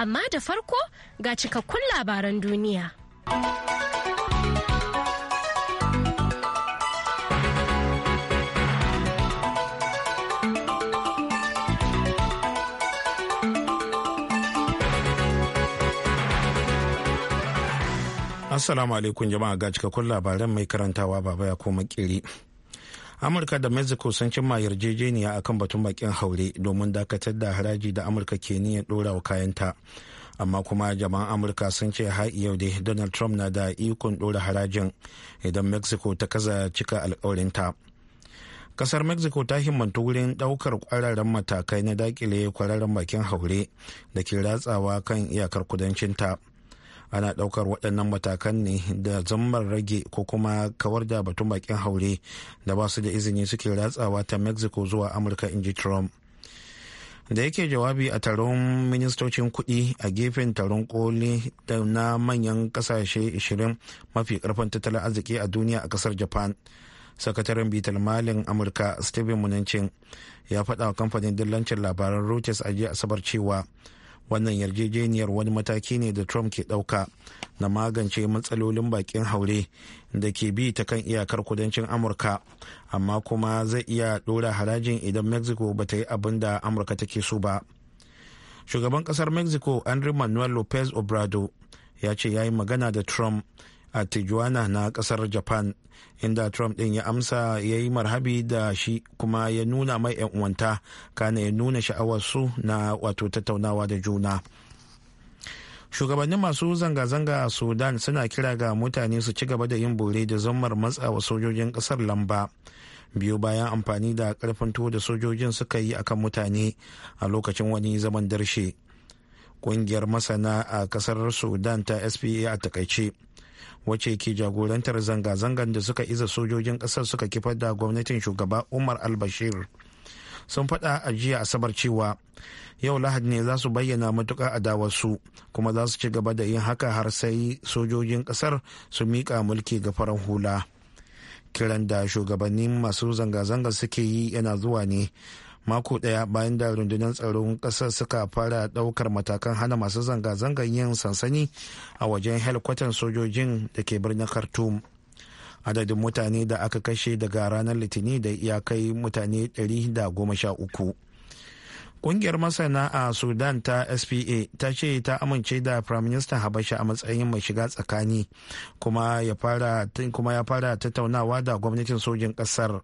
amma da farko ga cikakkun labaran duniya. Assalamu alaikum jama'a ga cikakkun labaran mai karantawa baba ya koma kiri. amurka da mexico sun cimma yarjejeniya akan batun bakin haure domin dakatar da haraji da amurka ke niyyar dora wa kayanta amma kuma jama'an amurka sun ce har yau dai donald trump na da ikon dora harajin idan mexico ta kaza cika alkawarinta kasar mexico ta himmantu wurin daukar kwararren matakai na dakile kwararren bakin haure da ke ratsawa kan iyakar kudancinta ana ɗaukar waɗannan matakan ne da zammar rage ko kuma kawar da batun bakin haure da ba su da izini suke ratsawa ta mexico zuwa amurka in ji trump da yake jawabi a taron ministocin kuɗi a gefen taron koli na manyan ƙasashe 20 mafi karfin tattalin arziki a duniya a kasar japan sakataren bitar malin amurka steven munancin ya faɗa wa kamfanin dillancin labaran reuters a jiya asabar cewa wannan yarjejeniyar wani mataki ne da trump ke ɗauka na magance matsalolin bakin haure da ke bi ta kan iyakar kudancin amurka amma kuma zai iya ɗora harajin idan mexico ba ta yi abin da amurka take so ba shugaban ƙasar mexico andrew manuel lopez obrado ya ce ya yi magana da trump a tijuana na kasar japan inda trump din ya amsa ya yi marhabi da shi kuma ya nuna mai 'yan uwanta kana ya nuna sha'awarsu na wato tattaunawa da juna shugabannin masu zanga-zanga a sudan suna kira ga mutane su ci gaba da yin bore da zammar matsa wa sojojin kasar lamba biyu bayan amfani da karfin tuwo da sojojin suka yi akan mutane a lokacin wani zaman darshe kungiyar masana a kasar sudan ta spa a takaice wacce ke jagorantar zanga-zangan da suka iza sojojin kasar suka kifar da gwamnatin shugaba umar al-bashir sun faɗa a jiya asabar cewa yau lahadi ne za su bayyana matuƙa su kuma za su ci gaba da yin haka har sai sojojin ƙasar su miƙa mulki ga farar hula kiran da shugabannin masu zanga-zanga suke yi yana zuwa ne mako daya bayan da rundunar tsaron kasar suka fara daukar matakan hana masu zanga-zangar yin sansani a wajen helikwatan sojojin da ke birnin khartoum adadin mutane da aka kashe daga ranar litinin da ya kai mutane 113 kungiyar masana a sudan ta spa ta ce ta amince da prime minister habasha a matsayin mai shiga tsakani kuma ya fara tattaunawa da gwamnatin sojin kasar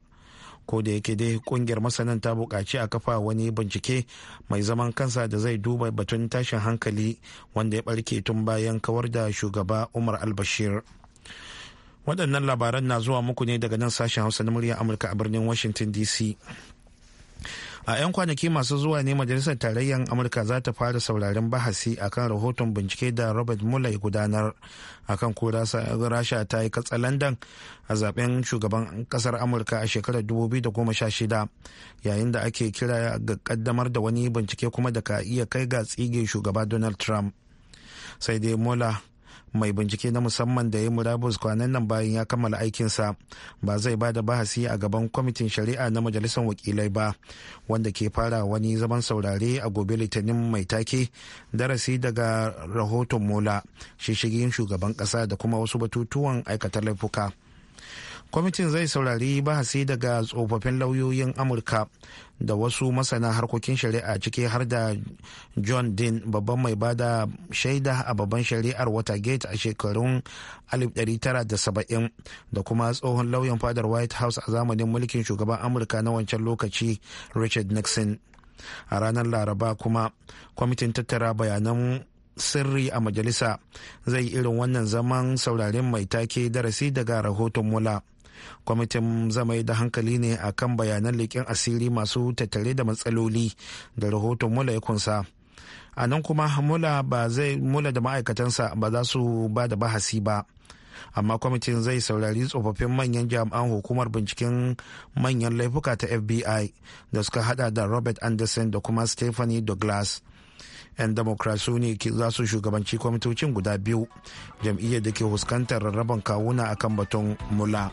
ko da yake dai kungiyar masanan ta buƙaci a kafa wani bincike mai zaman kansa da zai duba batun tashin hankali wanda ya ɓarke tun bayan kawar da shugaba umar albashir waɗannan labaran na zuwa muku ne daga nan sashen hausa na murya amurka a birnin washington dc a 'yan kwanaki masu zuwa ne majalisar tarayyar amurka za ta fara sauraren bahasi akan rahoton bincike da robert mueller gudanar gudanar akan ko rasha ta yi katsalandan a zaben shugaban kasar amurka a shekarar 2016 yayin da ake kira ga kaddamar da wani bincike kuma da ka iya kai ga tsige shugaba donald trump sai dai mueller mai bincike na musamman da ya murabus kwanan nan bayan ya kammala aikinsa ba zai ba da bahasi a gaban kwamitin shari'a na majalisar wakilai ba wanda ke fara wani zaman saurare a gobe litinin mai take darasi daga rahoton mola shishigin shugaban kasa da kuma wasu batutuwan aikata laifuka kwamitin zai saurari bahasi daga tsofaffin lauyoyin amurka da wasu masana harkokin shari'a ciki har da john dean babban mai bada shaida a babban shari'ar watergate a shekarun 1970 da kuma tsohon lauyan fadar white house a zamanin mulkin shugaban amurka na wancan lokaci richard nixon a ranar laraba kuma kwamitin tattara bayanan sirri a majalisa zai irin wannan zaman saurarin mai take darasi daga rahoton mula. kwamitin zamai da hankali ne a kan bayanan leƙen asiri masu tattare da matsaloli da rahoton mula ya kunsa a nan kuma mula ba zai mula da ma'aikatansa ba za su ba da bahasi ba amma kwamitin zai saurari tsofaffin manyan jami'an hukumar binciken manyan laifuka ta fbi da suka hada da robert anderson da kuma stephanie douglas 'yan democrat su ne za su shugabanci kwamitocin guda biyu jam'iyyar da ke fuskantar rarraban kawuna akan batun mula.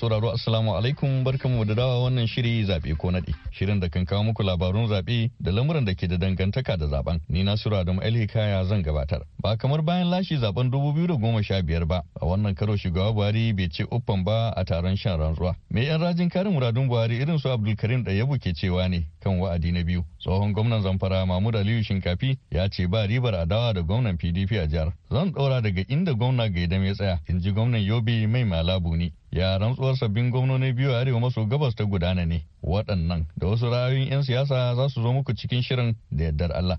sauraro assalamu alaikum barkamu da dawa wannan shiri zabe ko nade shirin da kan kawo muku labarun zabe da lamuran da ke da dangantaka da zaben ni na da Adamu kaya zan gabatar ba kamar bayan lashe zaben 2015 ba a wannan karo shugaba Buhari bai ce uffan ba a taron shan rantsuwa me yan rajin karin muradun Buhari irin su Abdulkarim Dayabu ke cewa ne kan wa'adi na biyu tsohon gwamnan Zamfara Mahmud Aliyu Shinkafi ya ce ba ribar adawa da gwamnan PDP a jihar zan daura daga inda gwamna Gaidam ya tsaya in ji gwamnan Yobe mai malabu ne ya rantsuwar sabbin gwamnoni biyu a arewa maso gabas ta gudana ne waɗannan da wasu ra'ayoyin 'yan siyasa za su zo muku cikin shirin da yardar Allah.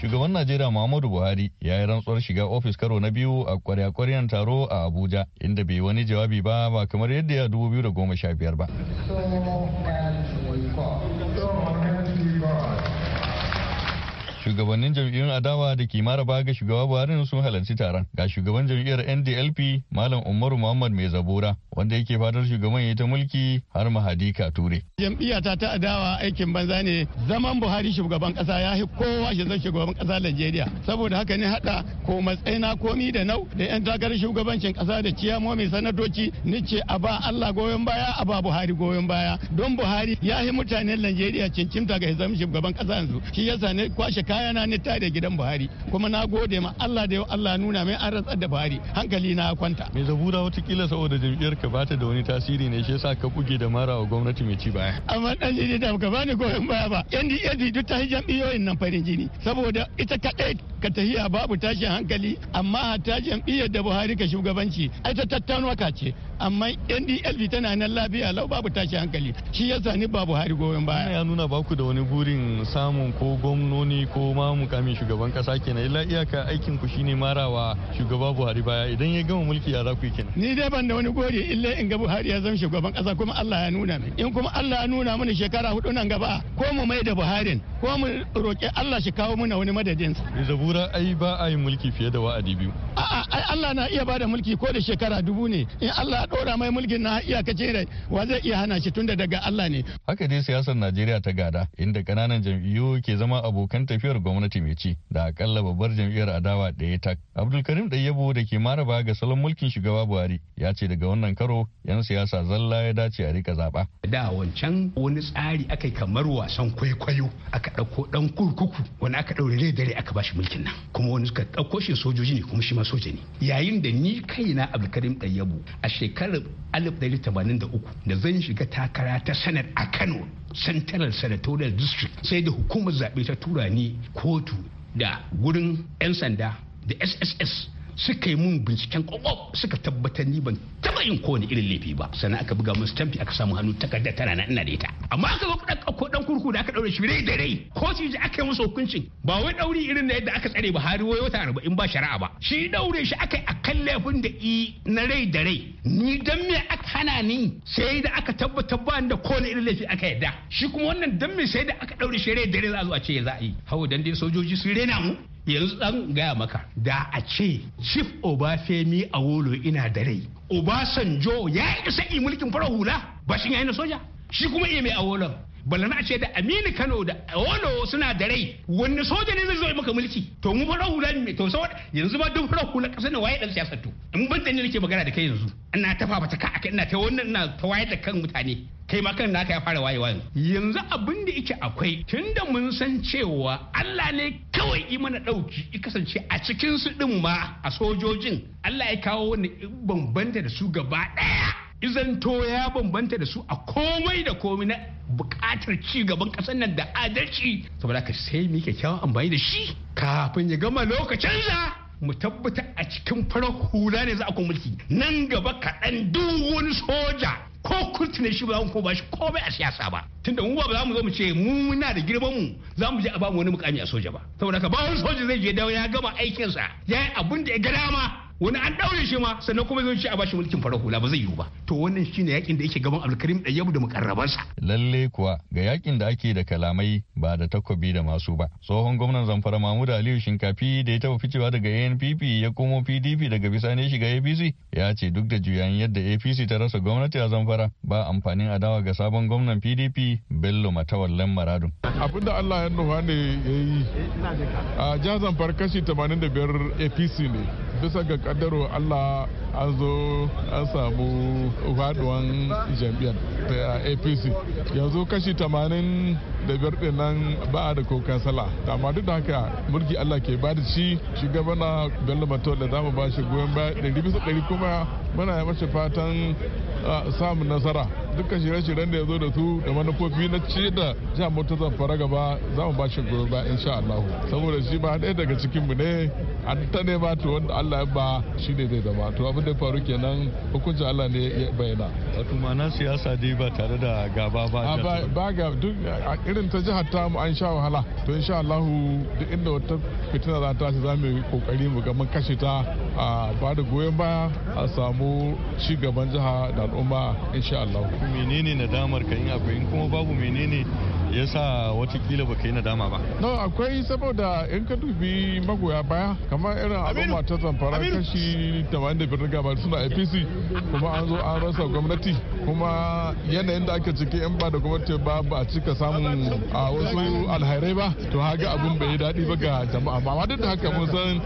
Shugaban Najeriya Muhammadu Buhari ya yi rantsuwar shiga ofis karo na biyu a kwarya-kwaryan taro a Abuja inda bai wani jawabi ba ba kamar yadda ya dubu da sha biyar ba. Shugabannin jam'iyyun adawa da ke ba ga shugaba Buhari sun halarci taron. Ga shugaban jam'iyyar NDLP Malam Umaru Muhammad Mai Zabura wanda yake fadar shugaban ya ta mulki har Mahadi Kature. Jam'iyyata ta adawa aikin banza ne zaman Buhari shugaban kasa ya fi kowa shi zan shugaban kasa Najeriya. Saboda haka ne hada ko matsayina komi da nau da yan takarar shugabancin kasa da mai sanatoci ni ce a ba Allah goyon baya a ba Buhari goyon baya don Buhari ya fi mutanen Najeriya cincinta ga zama shugaban kasa yanzu. Shi yasa ne kwashe kayana ni tare gidan Buhari kuma na gode ma Allah da yau Allah nuna mai an rantsar da Buhari hankali na kwanta. Mai zabura watakila saboda jam'iyyar ka bata da wani tasiri ne shi yasa ka buge da mara wa gwamnati mai ci baya. Amma dan jini da ka bani goyon baya ba yan di duk ta jam'iyyoyin nan farin jini saboda ita kadai ka tahiya babu tashin hankali amma ta jam'iyyar da Buhari ka shugabanci ai ta tattaunuka ce amma ndlv tana nan lafiya lau babu tashi hankali shi yasa sani ba buhari goyon baya ya nuna ba ku da wani burin samun ko gwamnoni ko ma mukamin shugaban kasa kenan illa iyaka aikin ku shine marawa shugaba buhari baya idan ya gama mulki ya za ku kenan ni dai ban da wani gori illa in ga buhari ya zama shugaban kasa kuma allah ya nuna min in kuma allah ya nuna mana shekara hudu nan gaba ko mu mai da buharin ko mu roƙi allah shi kawo mana wani madadin zabura ai ba a mulki fiye da wa'adi biyu a'a ai allah na iya bada mulki ko da shekara dubu ne in allah ɗora mai mulkin na ce da wa zai iya hana shi tunda daga Allah ne haka dai siyasar Najeriya ta gada inda kananan jam'iyyu ke zama abokan tafiyar gwamnati mai ci da akalla babbar jam'iyyar adawa ɗaya tak Abdulkarim Dayyabo da ke maraba ga salon mulkin shugaba Buhari ya ce daga wannan karo yan siyasa zalla ya dace a rika zaba da wancan wani tsari aka kamar wasan kwaikwayo aka ɗauko dan kurkuku wani aka ɗaure dare aka ba shi mulkin nan kuma wani suka ɗauko shi sojoji ne kuma shi ma soja ne yayin da ni kaina Abdulkarim Dayyabo a shekaru shekarar 1983 da zan shiga takara ta sanar a kano central senatorial district sai da hukumar zaɓe ta Turani, kotu da gurin 'yan sanda da sss suka yi mun binciken kwakwa suka tabbatar ni ban taba yin kowane irin laifi ba sannan aka buga musu tamfi aka samu hannu takarda tana na ina da ita amma aka zo kudan ko dan kurku da aka daure shi rai da rai ko shi aka yi musu hukuncin ba wai dauri irin na yadda aka tsare har wai wata arba'in ba shari'a ba shi daure shi aka yi a kan laifin da i na rai da rai ni dan me aka hana ni sai da aka tabbatar ba da kowane irin laifi aka yadda shi kuma wannan dan me sai da aka daure shi rai da rai za a zo a ce za a yi hawo dan dai sojoji su rena mu yanzu dan gaya maka da a ce chief obafemi awolo ina da rai obasanjo ya isa yi mulkin fara hula ba shi na soja shi kuma iya mai awolon ballana na ce da aminu kano da awolo suna da rai wani soja ne zai zo maka mulki to mu farar hula ne to saboda yanzu ba duk fara hula kasar na waye dan siyasar to in ban da ne nake magana da kai yanzu ina ta fafata ka akai ina ta wannan ina ta wayar da kan mutane kai ma kan naka ya fara wayewa yanzu abin da yake akwai tunda mun san cewa Allah ne Allah yi mana ɗauki i kasance a cikin su ɗin ma a sojojin Allah ya kawo wani bambanta da su gaba ɗaya izanto ya bambanta da su a komai da komai na buƙatar ci gaban ƙasar nan da adalci saboda ka sai mu kyakkyawan amfani da shi kafin ya gama lokacinsa mu tabbata a cikin farar hula ne za a mulki nan gaba kaɗan duk wani soja ko ne shi ba za mu ko ba shi komai a siyasa ba tunda mu ba za mu zo mu ce mu muna da girman mu za mu je a ba mu wani mukami a soja ba saboda ka ba wani soja zai je dawo ya gama aikinsa ya yi abun da ya ga dama wani an daure shi ma sannan kuma zai a bashi mulkin farar hula ba zai yiwu ba to wannan shine yakin da yake gaban alkarim da yabu da mukarrabansa lalle kuwa ga yakin da ake da kalamai ba da takobi da masu ba tsohon gwamnan Zamfara Mahmud Aliyu Shinkafi da ya taba ficewa daga ANPP ya komo PDP daga bisani shiga APC ya ce duk da juyayin yadda APC ta rasa gwamnati a Zamfara ba amfanin adawa ga sabon gwamnan PDP Bello Matawallan Maradun da Allah ya nufa ne yi a jihar Zamfara kashi 85 APC ne bisa ga kaddaro allah an zo an samu faduwan jam'iyyar apc yanzu kashi 80 da biyar ɗin nan ba a da ko kansala amma duk da haka mulki Allah ke ba da shi gabana Bello mato da za mu ba shi goyon baya ɗari bisa ɗari kuma muna yi mashi fatan samun nasara duka shirye-shiryen da ya zo da su da manufofi na ci da jihar mota fara gaba za mu ba shi goyon baya insha Allah saboda shi ba ɗaya daga cikin mu ne an ta ne ba to wanda Allah ya ba shi ne zai zama to abin da ya faru kenan hukuncin Allah ne ya bayyana. Wato ma'ana siyasa dai ba tare da gaba ba. Ba ga duk irin ta jihar ta mu an sha wahala to insha Allahu duk inda wata fitina za ta tashi za mu kokari mu ga mun kashe ta a ba da goyon baya a samu ci gaban jiha da al'umma insha Allahu menene nadamar ka in akwai in kuma babu menene ya sa watakila baka yi nadama ba no akwai saboda in ka dubi magoya baya kamar irin al'umma ta zamfara kashi 85 gaba suna apc kuma an zo an rasa gwamnati kuma yanayin da aka ciki yan ba da gwamnati ba ba a cika samun a wasu alhairai ba to haga abin bai yi daɗi ba ga jama'a ba duk da haka mun san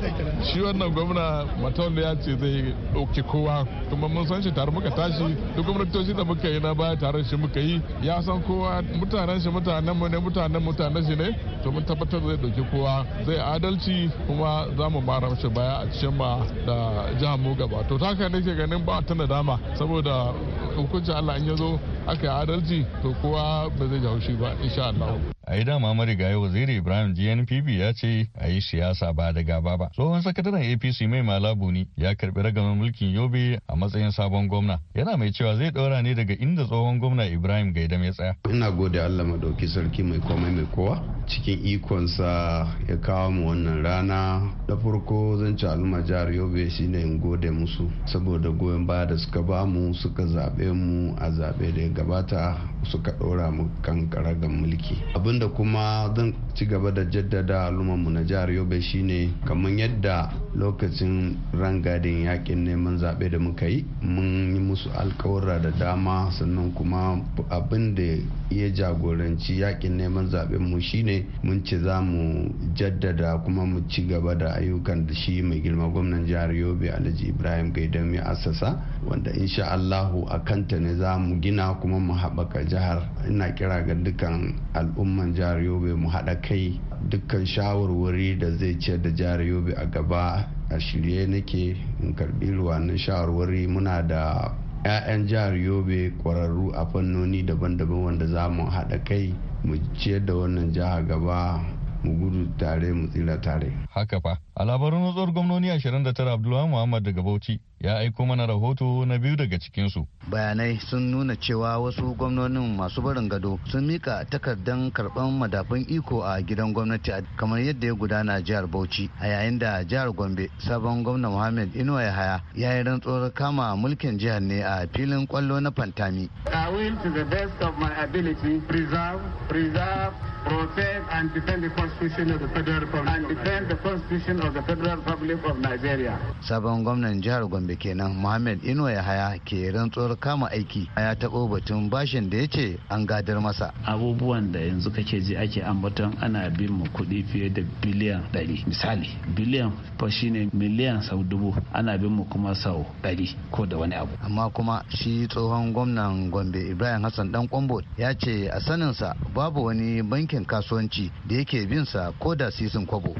shi wannan gwamna mataun ya ce zai ɗauki kowa kuma mun san shi tare muka tashi duk gwamnatoci da muka yi na baya tare shi muka yi ya san kowa mutanen shi mutane. mutanenmu ne mutanen mutane shi ne to mun tabbatar zai dauki kowa zai adalci kuma za mu mara mace baya a cikin ma da jihar mu gaba to ta haka nake ganin ba ta nadama saboda hukuncin Allah in ya zo aka yi adalci to kowa ba zai jawo shi ba insha Allah. a yi dama marigayi waziri ibrahim gnpb ya ce a yi siyasa ba da gaba ba tsohon sakataren apc mai malabu ne ya karbi ragamar mulkin yobe a matsayin sabon gwamna yana mai cewa zai daura ne daga inda tsohon gwamna ibrahim gaidam ya tsaya ina gode allah madauki ɗauki sarki mai komai mai kowa cikin ikonsa ya kawo mu wannan rana da farko zan ci aluma jihar yobe ne in gode musu saboda goyon baya da suka bamu suka zaɓe mu a zaɓe da ya gabata suka ɗora mu kan ga mulki abinda kuma zan ci gaba da jaddada mu na jihar yobe shine kamar yadda lokacin rangadin yakin neman zaɓe da muka yi mun yi musu alkawarra da dama sannan kuma abin da ya jagoranci yaƙin neman zaɓen mu shine mun ce za mu jaddada kuma mu ci gaba da ayyukan da shi mai girma gwamnan jihar yobe alhaji ibrahim gaidam ya assasa wanda insha allahu a kanta ne za mu gina kuma mu haɓaka jihar ina kira ga dukkan al'umman jihar yobe mu haɗa kai dukkan shawarwari da zai ciyar da jihar yobe a gaba a shirye nake in karbi ruwanin shawarwari muna da 'ya'yan jihar yobe kwararru a fannoni daban-daban wanda za mu haɗa kai mu ciyar da wannan jiha gaba mu gudu tare mu tsira tare haka fa A labarin nutsuwar gwamnoni 29 Abdullahi Muhammad daga Bauchi ya aiko mana rahoto na biyu daga cikinsu. Bayanai sun nuna cewa wasu gwamnonin masu barin gado sun mika takardar karban madafin iko a gidan gwamnati kamar yadda ya gudana jihar Bauchi a yayin da jihar Gombe sabon gwamna Muhammad Inuwa haya ya yi rantsuwar kama mulkin jihar ne a filin kwallo na Fantami. I will to the best of my ability preserve, preserve, protect and defend the constitution of the federal and defend the constitution of the Federal Republic of Nigeria. Sabon gwamnan jihar Gombe kenan Muhammad Ino haya ke rantsuwar kama aiki ya taɓo batun bashin da ya ce an gadar masa. Abubuwan da yanzu kake ji ake ambaton ana bin mu kuɗi fiye da biliyan ɗari. Misali biliyan fa shine miliyan sau dubu ana bin mu kuma sau ɗari ko da wani abu. Amma kuma shi tsohon gwamnan Gombe Ibrahim Hassan Dan Kwambo ya ce a saninsa babu wani bankin kasuwanci da yake bin sa ko da sisin kwabo.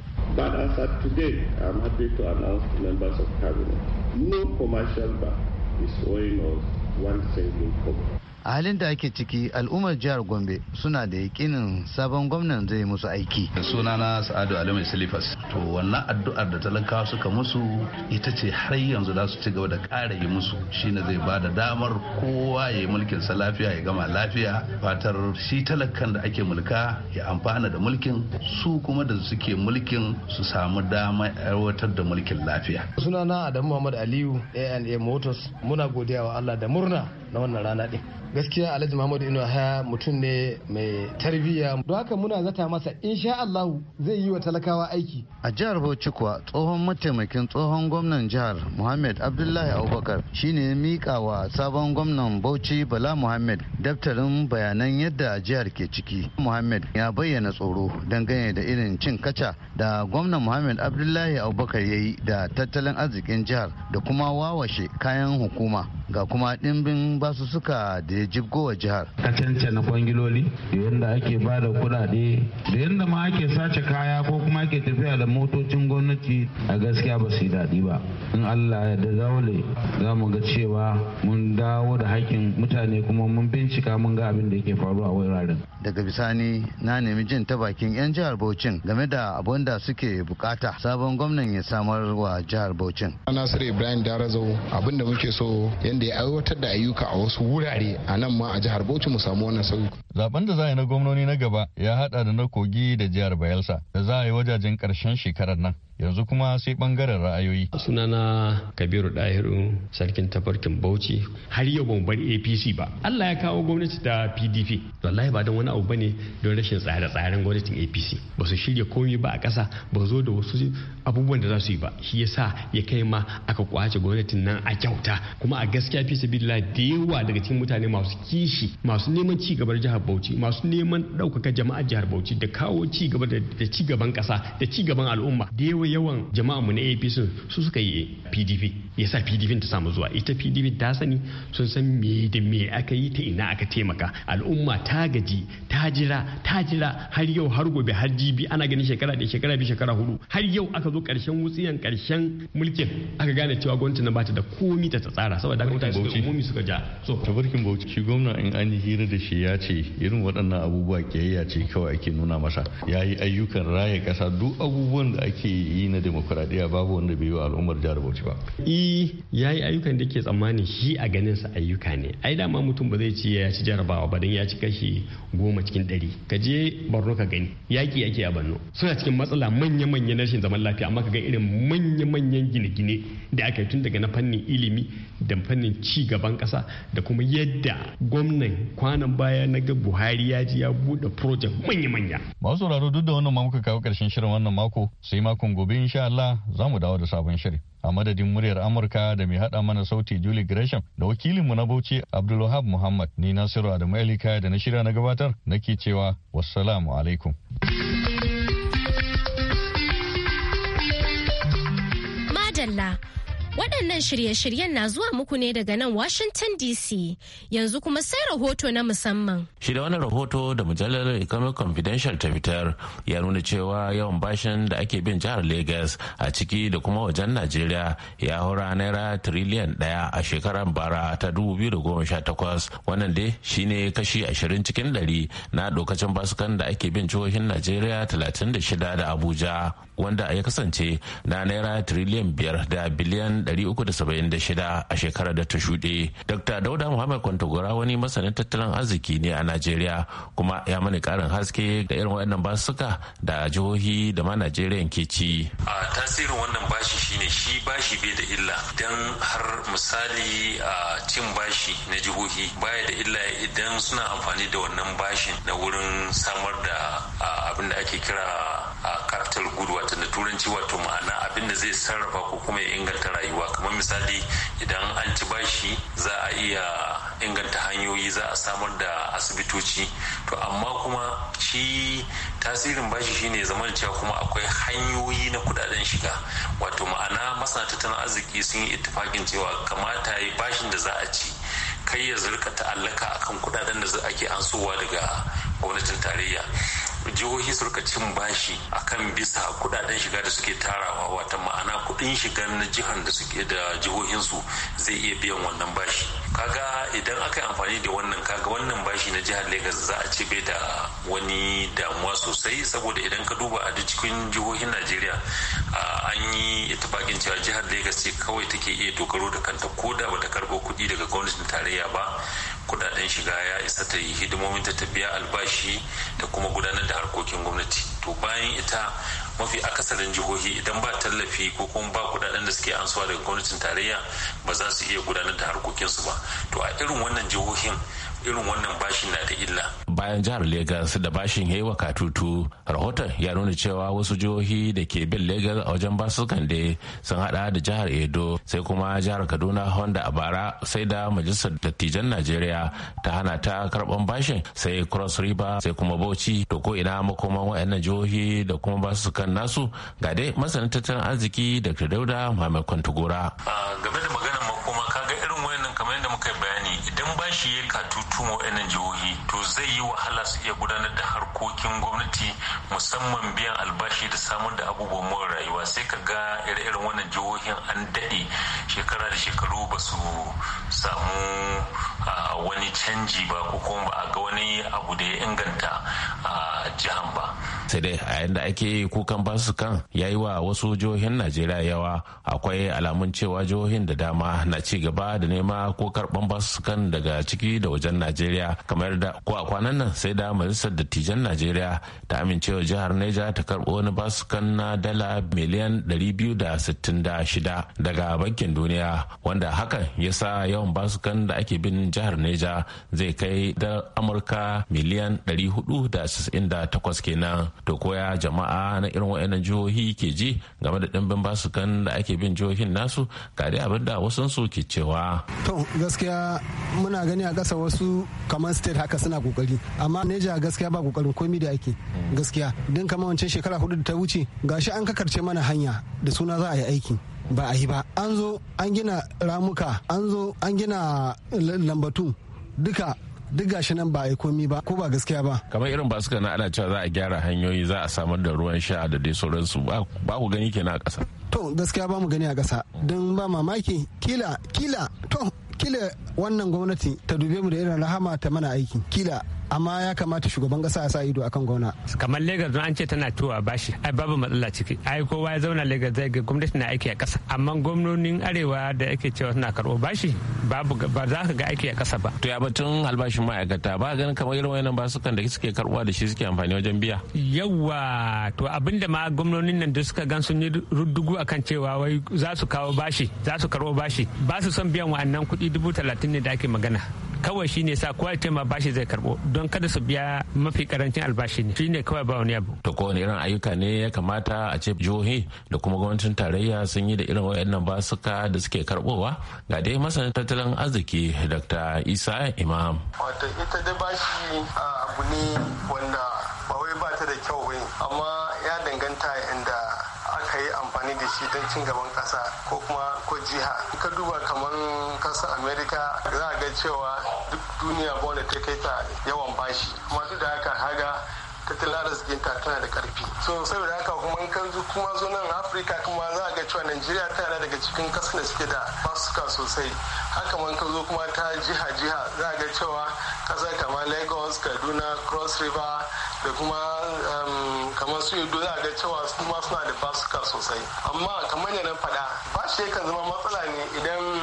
Today, I'm happy to announce to members of cabinet, no commercial bank is owing us one single kobo. a halin da ake ciki al'ummar jihar gombe suna da yakinin sabon gwamnan zai musu aiki sunana sa'adu ali mai silifas to wannan addu'ar da talakawa suka musu ita ce har yanzu za su ci gaba da ƙara yi musu shine zai ba da damar kowa ya yi mulkin sa lafiya ya gama lafiya fatar shi talakan da ake mulka ya amfana da mulkin su kuma da suke mulkin su samu damar aiwatar da mulkin lafiya sunana adamu muhammad aliyu ana motors muna godiya wa allah da murna na wannan rana din gaskiya alhaji muhammadu inuwa haya mutum ne mai tarbiyya don haka muna zata masa insha allahu zai yi wa talakawa aiki a jihar bauchi kuwa tsohon mataimakin tsohon gwamnan jihar muhammad abdullahi abubakar shine ya mika wa sabon gwamnan bauchi bala muhammad daftarin bayanan yadda jihar ke ciki muhammad ya bayyana tsoro dangane da irin cin kaca da gwamnan muhammad abdullahi abubakar ya yi da tattalin arzikin jihar da kuma wawashe kayan hukuma ga kuma ɗimbin basu suka da ya wa jihar. ka cancana kwangiloli da yadda ake ba da kudade da yadda ma ake sace kaya ko kuma ake tafiya da motocin gwamnati a gaskiya ba su yi daɗi ba. In Allah ya da zaule za mu ga cewa mun dawo da haƙƙin mutane kuma mun bincika mun ga abin da yake faru a wuraren. Daga bisani na nemi jin ta bakin 'yan jihar Bauchin game da abin da suke bukata sabon gwamnan ya samar wa jihar Bauchin. Nasiru Ibrahim Darazau abinda muke so yadda ya aiwatar da ayyuka a wasu wurare a nan ma a jihar Bauchi mu samu wannan sauyi. Zaben da za a yi na gwamnoni na gaba ya haɗa da na kogi da jihar Bayelsa da za a yi wajajen karshen shekarar nan. yanzu kuma sai bangaren ra'ayoyi. sunana kabiru ɗahiru sarkin tafarkin bauchi har yau ban bar apc ba allah ya kawo gwamnati ta pdp wallahi ba don wani abu bane don rashin tsare-tsaren gwamnatin apc ba su shirya komi ba a kasa ba zo da wasu abubuwan da za su yi ba shi yasa ya kai ma aka kwace gwamnatin nan a kyauta kuma a gaskiya fi sabila da yawa daga cikin mutane masu kishi masu neman ci gabar jihar bauchi masu neman ɗaukaka jama'ar jihar bauchi da kawo ci gaba da ci gaban ƙasa da ci gaban al'umma da yawa yawan mu na apc su suka yi pdp ya sa pdp ta samu zuwa ita pdp ta sani sun san me da me aka yi ta ina aka taimaka al'umma ta gaji ta jira ta jira har yau har gobe har jibi ana ganin shekara da shekara bi shekara hudu har yau aka zo karshen wutsiyan karshen mulkin aka gane cewa gwamnati na ta da komi ta tsara saboda mutane suka umumi suka ja so tabarkin bauchi shi gwamna in an yi hira da shi ya ce irin waɗannan abubuwa kiyayya ce kawai ake nuna masa ya yi ayyukan raya ƙasa duk abubuwan da ake yi na demokuraɗiyya babu wanda bai yi wa al'ummar jihar bauchi ba ya yi ayyukan da ke tsammanin shi a ganin sa ayyuka ne ai dama mutum ba zai ce ya ci jarabawa ba don ya ci kashi goma cikin ɗari ka je barno ka gani yaki ake a barno suna cikin matsala manya-manya na rashin zaman lafiya amma ka ga irin manya-manyan gine-gine da aka yi tun daga na fannin ilimi da fannin ci gaban ƙasa da kuma yadda gwamnan kwanan baya na ga buhari ya ji ya buɗe project manya-manya. masu sauraro duk da wannan ma muka kawo karshen shirin wannan mako sai makon gobe insha Allah za mu dawo da sabon shirin. a madadin muryar amurka da mai hada mana sauti julie gresham da wakilinmu na bauchi abdulwahab muhammad ni nasiru adamu elika da na shirya na gabatar nake cewa wassalamu alaikum madalla Waɗannan shirye-shiryen na zuwa muku ne daga nan Washington DC yanzu kuma sai rahoto na musamman. Shi da wani rahoto da mujallar Economic Confidential ta fitar ya nuna cewa yawan bashin da ake bin jihar Lagos a ciki da kuma wajen Najeriya ya hura naira tiriliyan ɗaya a shekarar bara ta 2018 wannan dai shine kashi 20 cikin ɗari na dokacin basukan da ake bin jihohin Najeriya 36 da Abuja wanda ya kasance na naira tiriliyan biyar da biliyan da 376 a shekarar da ta shuɗe. Dr. Dauda Muhammad Kwantogora wani masanin tattalin arziki ne a Najeriya kuma ya mani karin haske da irin waɗannan basuka da jihohi da ma Najeriya ke ci. A tasirin wannan bashi shine shi bashi bai da illa don har misali a cin bashi na jihohi baya da illa idan suna amfani da wannan bashin na wurin samar da abin da ake kira a capital good wato na turanci wato ma'ana abin da zai sarrafa ko kuma ya inganta rayuwa kamar misali idan an ci bashi za a iya inganta hanyoyi za a samar da asibitoci to amma kuma shi tasirin bashi shine zaman cewa kuma akwai hanyoyi na kudaden shiga wato ma'ana masana tattalin arziki sun yi ittifakin cewa kamata yi bashin da za a ci kai ya zurka ta'allaka akan kudaden da ake ansowa daga gwamnatin tarayya jihohi su rika cin bashi akan bisa kudaden shiga da suke tarawa wata ma'ana kudin shiga na jihar da suke da jihohinsu zai iya biyan wannan bashi kaga idan aka yi amfani da wannan kaga wannan bashi na jihar Legas za a ce bai da wani damuwa sosai saboda idan ka duba a duk cikin jihohin Najeriya an yi itifakin cewa jihar Legas ce kawai take iya dogaro da kanta ko da bata karbo kuɗi daga gwamnatin tarayya ba kudaden shiga ya isa ta yi hidimomin ta biya albashi da kuma gudanar da harkokin gwamnati to bayan ita mafi akasarin jihohi idan ba tallafi ko kuma ba kudaden da suke ansuwa daga gwamnatin tarayya ba za su iya gudanar da harkokinsu ba to a irin wannan jihohin irin wannan bashin na da illa. Bayan jihar Legas da bashin ya yi wa katutu, rahoton ya nuna cewa wasu jihohi da ke bin Legas a wajen basu kande sun hada da jihar Edo sai kuma jihar Kaduna Honda a bara sai da majalisar dattijan Najeriya ta hana ta karban bashin sai Cross River sai kuma Bauchi to ko ina makoman wayannan jihohi da kuma ba su kan nasu ga dai masanin tattalin arziki da dauda muhammad kwantagora game da maganar makoma kaga irin wayannan kamar yadda muka bayani idan bashi ya katutu ma wayannan jihohi to zai yi wahala su iya gudanar da harkokin gwamnati musamman biyan albashi da samar da abubuwan more rayuwa sai ka ga ire-iren wannan jihohin an daɗe shekara da shekaru ba su samu wani canji ba ko kuma ba a ga wani abu da ya inganta jihan ba sai dai a yanda ake kukan basukan ya yi wa wasu jihohin najeriya yawa akwai alamun cewa jihohin da dama na ci gaba da nema ko karban kan daga ciki da wajen najeriya kamar da ko a kwanan nan sai da majalisar dattijan najeriya ta amincewa jihar neja ta karbo wani kan na dala miliyan 266 daga bankin duniya wanda hakan ya sa yawan kan da ake bin jihar neja zai kai da amurka miliyan 498 kenan to koya jama'a na irin wayannan jihohi ke ji game da dimbin basukan da ake bin jihohin nasu ga abin da wasu su ke cewa to gaskiya muna gani a ƙasa wasu kamar state haka suna kokari amma neja gaskiya ba kokarin komi da ake gaskiya don kamar wancan shekara hudu da ta wuce gashi an kakarce mana hanya da suna za a yi aiki ba a yi ba an zo an gina ramuka an zo an gina lambatu duka duk gashi nan ba a yi komi ba ko ba gaskiya ba kamar irin ba suka na ana cewa za a gyara hanyoyi za a samar da ruwan sha da dai sauransu ba ku gani kenan a ƙasa to gaskiya ba mu gani a ƙasa don ba mamaki kila kila to kila wannan gwamnati ta dube mu da irin rahama ta mana aiki kila amma ya kamata shugaban kasa a sa ido akan gwamna kamar lagos an ce tana tuwa bashi ai babu matsala ciki ai kowa ya zauna lagos zai ga gwamnati na aiki a kasa amma gwamnonin arewa da ake cewa suna karɓo bashi babu ba za ka ga aiki a kasa ba to ya batun albashin ma'aikata ba ganin kamar irin wayannan basukan da suke karbuwa da shi suke amfani wajen biya yawa to abinda ma gwamnonin nan da suka gan sun yi ruddugu akan cewa wai za su kawo bashi za su karɓo bashi ba su son biyan wa'annan kuɗi dubu talatin talatin ne da ake magana kawai shi ne sa kowa ce ma bashi zai karbo don kada su biya mafi karancin albashi ne shi ne kawai ba wani abu. to kowane irin ayyuka ne ya kamata a ce jihohi da kuma gwamnatin tarayya sun yi da irin wayannan basuka da suke karbowa ga dai masanin tattalin arziki dr isa imam. wato ita da bashi ah, abu ne wanda ba wai ba ta da kyau amma ya danganta inda amfani da shi don cin gaban kasa ko kuma ko jiha ka duba kamar kasar america za a ga cewa duk duniya ba wanda ta kai ta yawan bashi kuma duk da haka haga tattalin arzikin ta tana da karfi so saboda haka kuma in kanzu kuma zo nan afirka kuma za a ga cewa najeriya tana daga cikin kasar da suke da fasuka sosai haka man ka kuma ta jiha jiha za a ga cewa kasa kamar lagos kaduna cross river da kuma um, kamar su yi za ga cewa su ma suna da basuka sosai amma kamar yana na faɗa bashi yakan zama matsala ne idan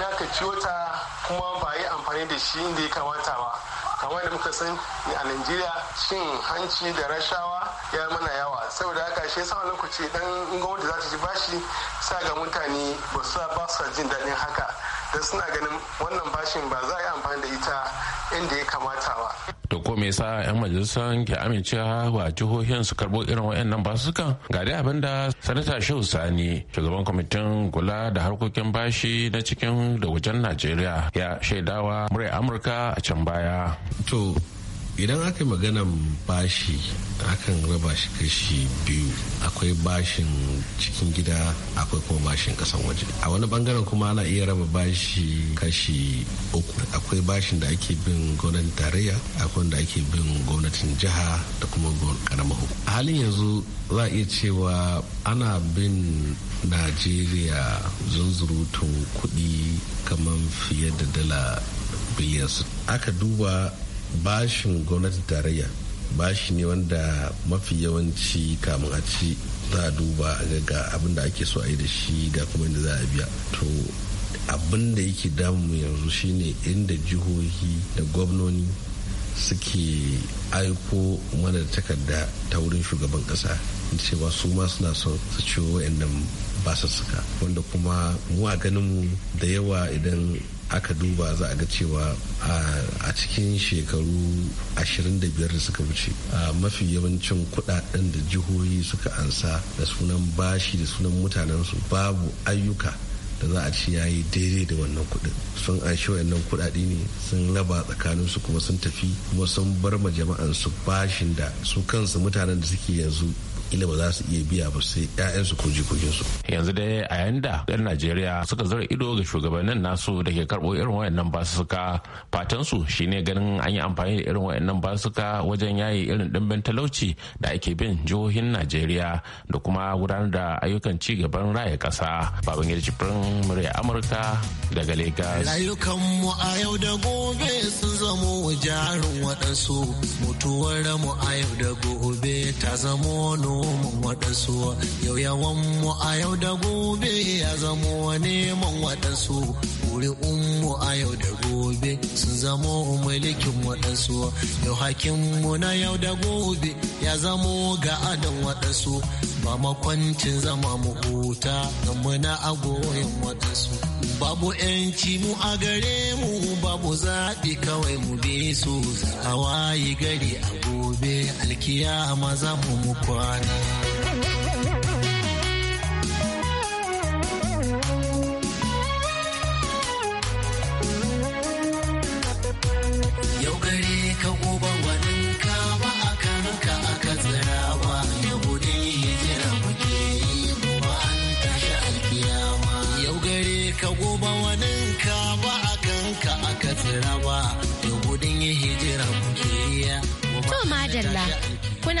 ya ka ciwo ta kuma ba yi amfani da shi inda ya kamata ba kamar da muka san a najeriya shin hanci da rashawa ya mana yawa saboda haka shi yasa kuce dan gwamnati za ta ji bashi sa ga mutane ba su ba su jin daɗin haka don suna ganin wannan bashin ba za a yi amfani da ita inda ya kamata ba. To ko me yasa 'yan majalisar ke amincewa wa jihohin su karbo irin waɗannan basukan? Ga dai abin da Sanata Shehu Sani, shugaban kwamitin kula da harkokin bashi na cikin da wajen Najeriya ya shaidawa murai Amurka a can baya. To idan aka yi maganan bashi akan raba shi kashi biyu akwai bashin cikin gida akwai kuma bashin kasan waje a wani bangaren kuma ana iya raba bashi kashi uku akwai bashin da ake bin gwamnatin tarayya akwai da ake bin gwamnatin jiha da kuma karamar hukum a halin yanzu za a iya cewa ana bin najeriya zunzurutun kuɗi kamar fiye da dala biliyan aka duba bashin gwamnatin tarayya bashi ne wanda mafi yawanci kamun a ci za a duba ga abin da ake so a yi da shi ga kuma inda za a biya to abin da yake damu yanzu shine inda jihohi da gwamnoni suke aiko mana da takarda ta wurin shugaban kasa cewa su ma suna son su ciwo su suka wanda kuma mu a ganinmu da yawa idan aka duba za a ga cewa a cikin shekaru 25 da suka wuce mafi yawancin kudaden da jihohi suka ansa da sunan bashi da sunan mutanensu babu ayyuka da za a ci yayi daidai da wannan kuɗin sun anshi wayannan kuɗaɗe ne sun raba tsakanin su kuma sun tafi kuma sun bar ma jama'an su bashin da su kansu mutanen da suke yanzu ila ba za su iya biya ba sai ƴaƴansu ko jikokinsu yanzu dai a yayin da 'yan najeriya suka zara ido ga shugabannin nasu da ke karɓo irin wayannan basussuka fatan su shine ganin an yi amfani da irin wayannan ka wajen yayi irin dimbin talauci da ake bin jihohin najeriya da kuma gudanar da ayyukan ci gaban raya ƙasa baban yarjibirin murya amurka daga lagos rayukanmu a yau da gobe sun zamo jarin waɗansu mutuwar mu a yau da gobe ta zamo noman waɗansu yau yawan mu a yau da gobe ya zamo neman waɗansu mu a yau da gobe sun zamo mulkin waɗansu yau hakinmu na yau da gobe ya zamo ga adon waɗansu ba makwancin zama mu huta da muna a goyon su. babu yanci mu a gare mu babu zaɓi kawai mu bi su a gari a gobe alkiyama za mu mu kwana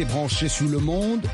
est branché sous le monde